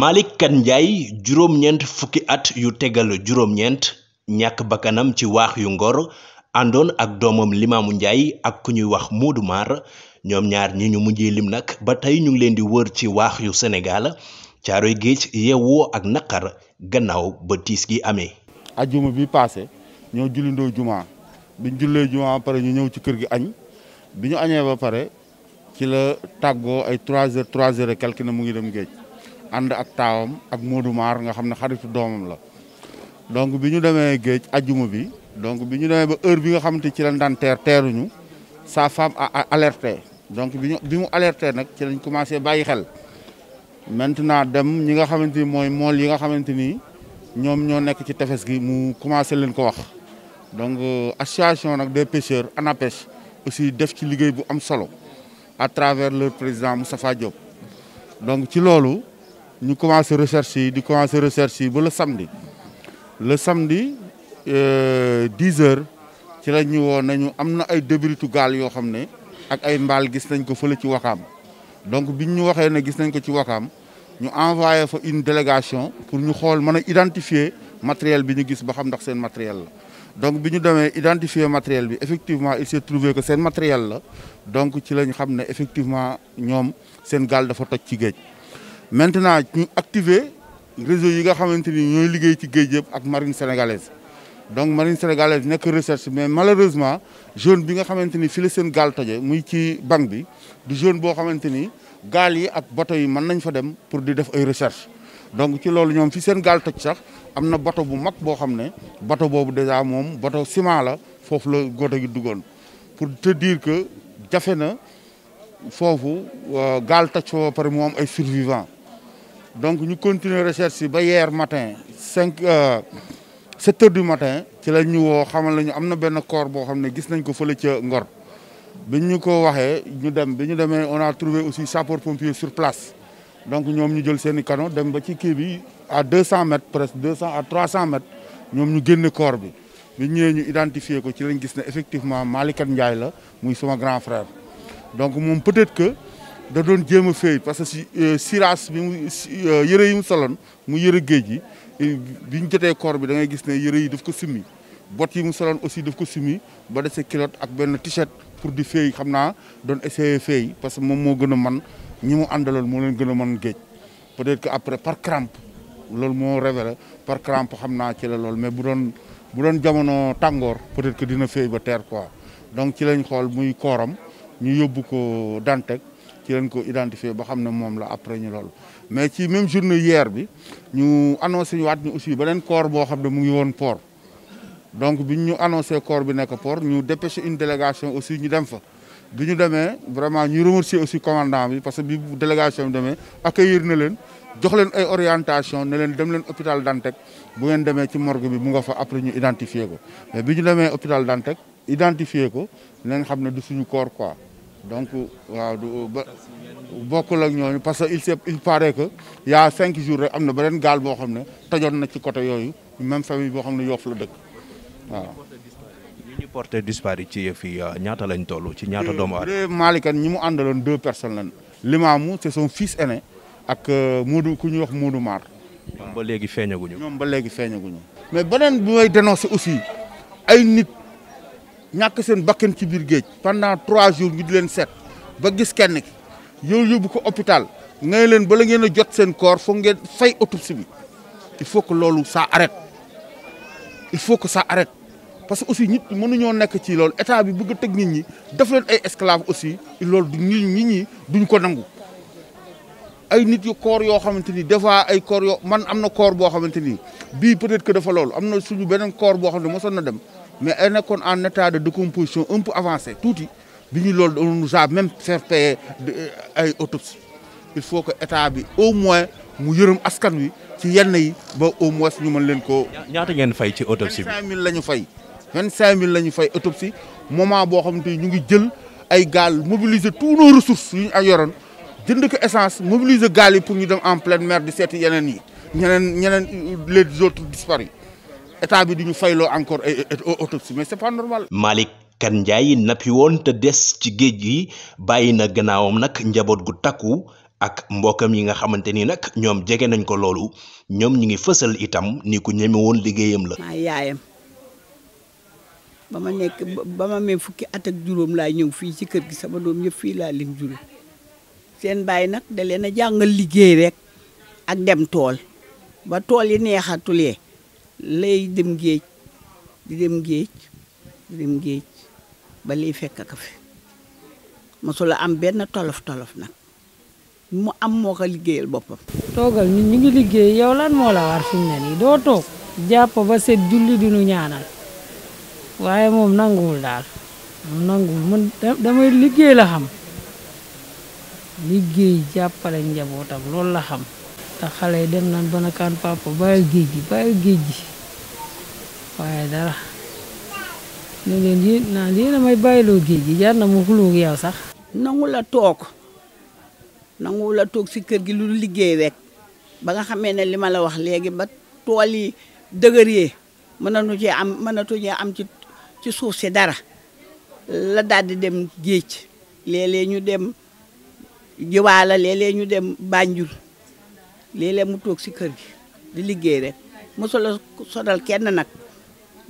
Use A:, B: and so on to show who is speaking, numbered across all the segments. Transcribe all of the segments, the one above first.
A: Malick Kane Ndiaye juróom-ñeent fukki at yu tegal juróom-ñeent ñàkk bakkanam ci waax yu ngor àndoon ak doomam Limaamu Ndiaye ak ku ñuy wax Moodu Maar ñoom ñaar ñi ñu mujjee lim nag ba tey ñu ngi leen di wër ci waax yu Sénégal caaroy géej yeewoo ak naqar gannaaw ba tiis gi amee. ajjuma bi paase
B: ñoo jullindoo juma biñ jullee juma ba pare ñu ñëw ci kër gi añ bi ñu añee ba pare ci la tàggoo ay 3 heures 3 heures et quelque na mu ngi dem géej. ànd ak taawam ak Modou nga xam ne xaritu doomam la donc bi ñu demee géej ajuma bi donc bi ñu demee ba heure bi nga xamante ci lañ daan teer teeruñu sa femme a alerté donc bi ñu bi mu alerté nag ci lañ commencé bàyyi xel maintenant dem ñi nga xamante ni mooy mool yi nga xamante ni ñoom ñoo nekk ci tefes gi mu commencé leen ko wax donc euh, association nag des pêcheurs ANAPES aussi def ci liggéey bu am solo à travers leur président Moustapha Diop donc ci loolu ñu commencé recherche yi di commencé recherche yi ba le samedi le samedi 10 euh, ci la ñu woo nañu am na ay débritu gaal yoo xam ne ak ay mbaal gis nañ ko fo fële ci Wakaam donc biñ ñu waxee ne gis nañ ko ci Wakaam ñu envoyé fa une délégation pour ñu xool mën a identifier matériel bi ñu gis ba xam ndax seen matériel la donc bi ñu demee identifier matériel bi effectivement il s'est trouvé que seen matériel la donc ci lañ xam ne effectivement ñoom seen gaal dafa toj ci géej maintenant activer réseau yi nga xamante ni ñooy liggéey ci géej yëpp ak marine sénégalaise donc marine sénégalaise nekk recherche mais malheureusement jeune bi nga xamante ni fi seen gaal toje muy ci banque bi du jeune boo xamante ni gaal yi ak bato yi mën nañ fa dem pour di def ay recherche donc ci loolu ñoom fi seen gaal toj sax am na bato bu mag boo xam ne bato boobu déjà moom bato ciment la foofu la góoto gi duggoon pour te diir que jafe na foofu euh, gaal ta fa ba pare ay survivants donc ñu continuer recherche ba hier matin cinq euh, sept heures du matin ci la ñu woo xamal ñu am na benn corps boo xam ne gis nañ ko fële ca Ngor biñ ñu ko waxee ñu dem bi ñu demee on a trouvé aussi sapeur pompier sur place donc ñoom ñu jël seen i canon dem ba ci kii bi à deux cent mètres presque cent à trois cent mètres ñoom ñu génne corps bi bi ñëwee ñu identifié ko ci lañ gis ne effectivement Malikat Ndiaye la muy suma grand frère donc moom peut-être da doon jéem a féey parce que si euh, siraas bi mu euh, yëre yi mu soloon muy yëre géej gi bi ñu jotee koor bi da ngay gis ne yëre yi daf ko simmi bot yi mu soloon aussi daf ko simmi ba dese kilote ak benn t-shirt pour di féey xam naa doon essayer féey parce que moom moo gën a man ñi mu àndaloon moo leen gën a man géej peut-être après par crampe loolu moo révélé par crampe xam naa ci la lool mais bu doon bu doon jamono tàngoor peut-être que dina féey ba teer quoi donc ci lañ xool muy kooram ñu yóbbu ko Dantec ci lañ ko identifié ba xam ne moom la après ñu loolu mais ci même journée hier bi ñu annoncé ñu waat ñu aussi beneen corps boo xam ne mu ngi woon port donc bi ñu annoncé corps bi nekk port ñu dépêché une délégation aussi ñu dem fa bi ñu demee vraiment ñu remercier aussi commandant bi parce que bi délégation bi demee accueillir na leen jox leen ay orientation ne leen dem leen hôpital Dantec bu ngeen demee ci morgo bi mu nga fa après ñu identifié ko mais bi ñu demee hôpital Dantec identifié ko leen xam ne suñu corps quoi donc waaw du ba bokkul ak ñooñu parce que il s'est il paraît que y a cinq jours rek am na beneen gaal boo xam ne tojoon na ci côté yooyu même famille boo xam ne Yoff la dëkk waaw.
A: ñi ñu porté dispari ci yëf yi euh, ñaata lañ toll ci ñaata doomu aadama. Euh,
B: Malikan ñi mu àndaloon deux personnes lañ limaamu c'est son fils aîné ak euh, Moodu ku ñuy wax Moodu Mar. ñoom ba
A: léegi feeñaguñu. ñoom ba léegi feeñaguñu.
B: mais bi may dénoncer aussi ay nit. ñàkk seen bakkan ci biir géej pendant trois jours ñu di leen seet ba gis kenn ki yóbbu ko hôpital ngay leen bala ngeen a jot seen corps foog ngeen fay autopsie bi il faut que loolu saa arrête il faut que ça arrête parce que aussi nit mënuñoo nekk ci loolu état bi bëgg a teg nit ñi def leen ay esclave aussi loolu du nit ñi ñi duñ ko nangu ay nit yu koor yoo xamante ni des fois ay koor yoo man am na koor boo xamante ni bii peut-être que loolu am na suñu beneen koor boo xam ne mosoon na dem mais elle kon en état de décomposition un peu avancé tuuti bi ñu loolu on nous a même euh, ay autopsie il faut que état bi au moins mu yërëm askan wi ci yenn yi ba au moins ñu mën leen koo.
A: ñaata ngeen fay ci autopsie
B: mille 25000 la ñu fay. 25000 la ñu fay autopsie moment boo xam te ñu ngi jël ay gaal mobiliser tous nos ressources yu ñu ay yoroon jënd ko essence mobiliser gaal yi pour ñu dem en pleine mer di seeti yeneen yi ñeneen ñeneen les autres disparus. état bi du ñu fayloo encore ay autopsie mais c'est pas normal.
A: Malick Kane Ndiaye nappi woon te des ci géej gi bàyyi na gannaawam nag njaboot gu takku ak mbokkam yi nga xamante ni nag ñoom jege nañ ko loolu ñoom ñu ngi fësal itam ni ku ñeme liggéeyam la.
C: maa yaayam ba ma nekk ba ma amee fukki at ak juróom laa ñëw fii ci kër gi sama doom yëpp fii laa leen jure seen bàyyi nag da leen a jàngal liggéey rek ak dem tool ba tool yi neexatulee. lay dem géej di dem géej di dem géej ba liy fekk ka fi mosula am benn tolof tolof nag mu am moo ko liggéeyal boppam. toogal ñun ñu
D: ngi liggéey yow lan moo la war fi mu ne nii doo toog jàpp ba set julli di nu waaye moom nanguwul daal moom nanguwul man damay liggéey la xam liggéey jàppale njabootam loolu la xam. ndax xale yi dem naan ba nakaan papa géej gi bàyyil géej gi waaye dara ne leen yéen may bàyyiloo géej gi jaar na mu xulóog yow sax
C: nangu la toog nangu la toog si kër gi lu liggéey rek ba nga xamee ne li ma la wax léegi ba tool yi dëgëree mënatu cee am mënatu cee am ci suuf si dara la daal dem géej léeg ñu dem jiwaala léeg ñu dem Banjul léeg-léeg mu toog si kër gi di liggéey rek musul la sonal kenn nag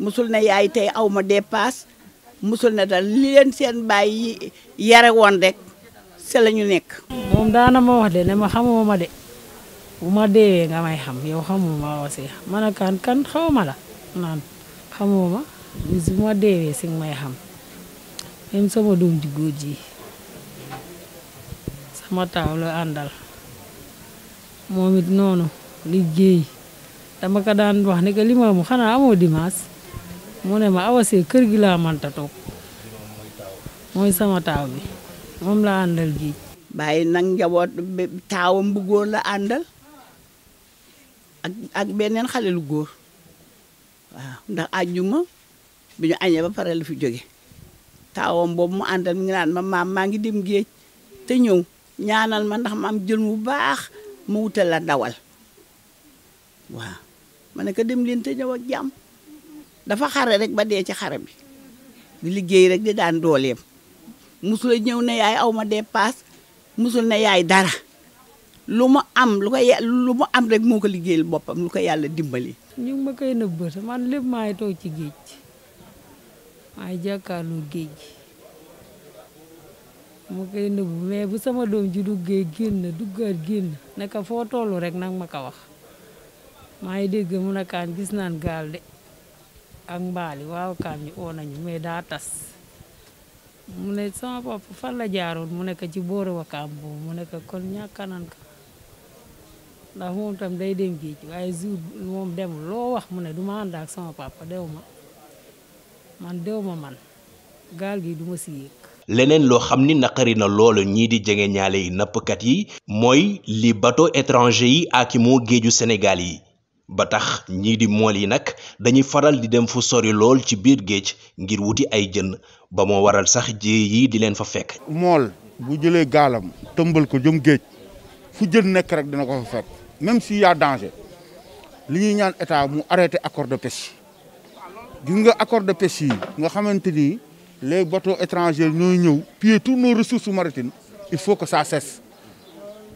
C: musul ne yaay tey aw ma dépasse musul ne dal li leen seen bàyyi yare woon rek se la ñu nekk. moom daana ma wax de ne ma xamoo ma de bu ma
D: deewee nga may xam yow xamoo ma aussi man a kan kan xaw ma la naan xamoo ma bu ma deewee si may xam même sama doom ji góor ji sama taaw la àndal. moom it noonu liggéey dama ko daan wax ne que li ma dimaas xanaa ne ma awasee kër gi laa mënta toog mooy sama taaw bi moom
C: laa àndal géej. bàyyi nag njaboot taawam bu góor la àndal ak beneen xale lu góor waaw ndax àjjuma bi ñu añee ba pare la fi joge taaw boobu mu àndal mi ngi naan ma maam maa ngi dem géej te ñëw ñaanal ma ndax maam jël mu baax ma wutal la dawal waaw ma ka ko dem leen te ñëw ak dafa xare rek ba dee ci xare bi di liggéey rek di daan dooleem musul ñëw ne yaay aw ma dépasse musul ne yaay dara lu mu am lu mu am rek moo ko liggéeyal boppam lu ko yàlla dimbali.
D: ñu ngi ma koy nëbbata man lépp maay toog ci géej maay jàkkaarloo géej gi. mu koy nëbbu mais bu sama doom ji duggee génn duggaat génn ne ko foo toll rekk nag ma ko wax maa ngi dégg mu ne kaan gis naan gaal de ak mbaali waaw kaan ñu oo daa tas mu ne sama papa fan la jaaroon mu nekk ci boori wakaam boobu mu nekk kon ñàkkanan ka ndax moom tam day dem géej waaye jour moom demul loo wax mu ne du ma ànd ak sama papa dew ma man dew ma man gaal gi du ma si yéeg
A: leneen loo xam ni naqari na loolu ñii di jege ñaale yi nappkat yi mooy li bateau étranger yi ak moo géeju Sénégal yi ba tax ñii di mool yi nag dañuy faral di dem fu sori lool ci biir géej ngir wuti ay jën ba moo waral sax ji yii di leen fa fekk.
B: mool bu jëlee gaalam tëmbal ko jëm géej fu jën nekk rek dina ko fa fekk même s'il y danger li ñuy ñaan état mu arrêté accord de pêche yi gis nga accord de pêche yi nga xamante ni. les bateaux étrangers ñooy ñëw piller toutes nos ressources maritimes il faut que ça cesse.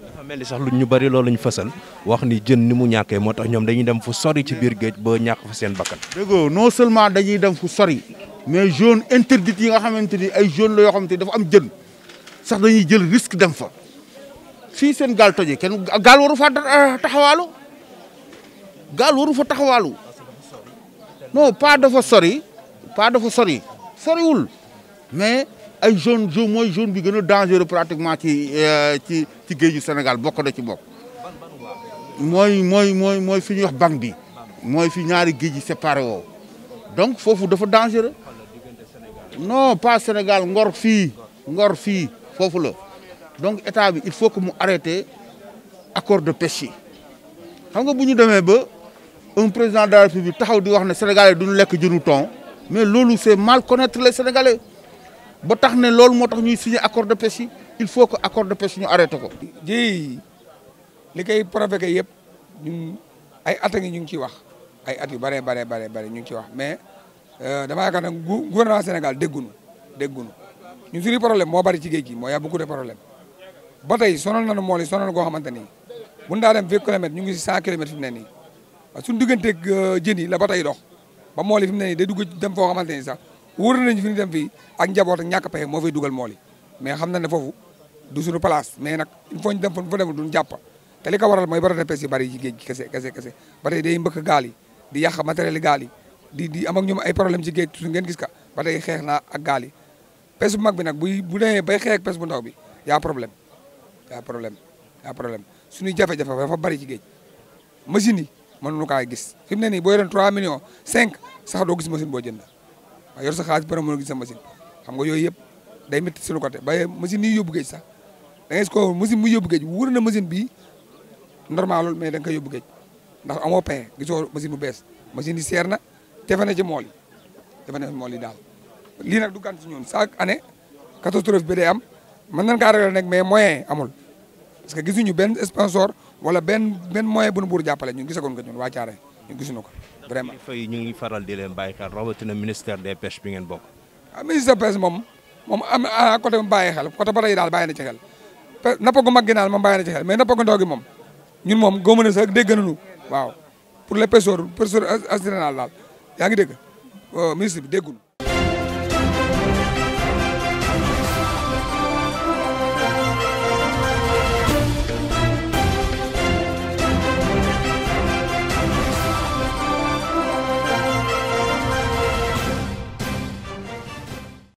A: dafa mel ni sax lu ñu bëri loolu la ñu fësal wax ni jën ni mu ñàkkee moo tax ñoom dañuy dem fu sori ci biir géej boo ñàkk fa seen bakkan.
B: déggoo noo seulement dañuy dem fu sori mais zone interdite yi nga xamante ni ay zone la yoo xamante ni dafa am jën sax dañuy jël risque dem fa fii seen gaal tojee kenn gaal waru fa euh, taxawaalu gaal waru fa taxawaalu non pas dafa sori pas dafa sori. soriwul mais ay zone zone mooy zone bi gën a dangereux pratiquement ci euh, ci ci géeju Sénégal bokk na ci bokk mooy mooy mooy mooy fi ñuy wax banque bi mooy fi ñaari géej yi séparé woo donc foofu dafa dangereux non pas Sénégal ngor fii ngor fii foofu la donc état bi il faut que mu arrêté accord de pêche yi xam nga bu ñu demee ba un président de la taxaw di wax ne Sénégalais duñu lekk jënu ton mais loolu c'est mal connaître le Sénégalais ba tax ne loolu moo tax ñuy signer accord de pêche yi
E: il faut que accord de pêche ñu arrêté ko. ji li koy provoqué yëpp ñun ay at ngi ñu ngi ciy wax ay at yu bare bare bare bare ñu ngi ciy wax mais euh, dama yaakaar ne gouvernement Sénégal déggunu déggunu ñu suñu problème moo bari ci géej mooy moo y de problème ba tey sonal nañu mool yi sonal goo xamante ni bu ñu daa dem vingt kilomètres ñu ngi si cent kilomètres fi ne nii suñu digganteeg euh, jën yi la ba tey dox. ba mool yi fi mu ne nii day dugg dem foo xamante ni sax wóor nañu fi ñu dem fii ak njaboot ak ñàkk pexe moo fay dugal mool yi mais xam na ne foofu du suñu mais nag il faut ñu dem fa fa dem duñ jàpp te li ko waral mooy barata pes yi bari ci géej gi kese kese kese ba tey day mbëkk gaal matériel gaal yi di di am ak ñoom ay problème ci géej su ngeen gis ka ba tey naa ak gaal yi pes mag bi nag buy bu demee bay xeex ak bu ndaw bi yaa problème yaa problème yaa problème suñuy jafe-jafe dafa bari ci géej machine yi mën nu kaa gis fi mu ne nii boo yoroon 3 millions 5 sax doo gis machine boo jënd waaye yor sa xaalis bari mën gis sa machine xam nga yooyu yëpp day métti suñu côté baye machine yi yóbbu géej sax da ngay gis ko machine mu yóbbu géej wóor na machine bi normalul mais da nga koy yóbbu géej ndax amoo pain gisoo machine bu bees machine yi seer na defe na ci mool yi defe na yi daal lii nag du gan ci ñun chaque année catastrophe bi am mën nañ kaa ragal nag mais moyen amul parce que gisuñu benn sponsor wala benn benn moyen bu nu buur jàppale ñun gisagoon ko ñun waa Thiaré ñun gisuñu ko
A: vraiment fay ñu faral di leen bàyyi xel rawatina ministère des pêches bi ngeen bokk
E: ah ministère pêche moom moom am ah, à côté mu bàyyi xel côté bato yi daal bàyyi na ci xel nappagu mag gi daal moom bàyyi na ci xel mais nappagu ndaw gi moom ñun moom góoma na sax dégg nañu waaw pour les pêcheurs pêcheurs artisanal daal yaa ngi dégg oh, ministre bi dégguñu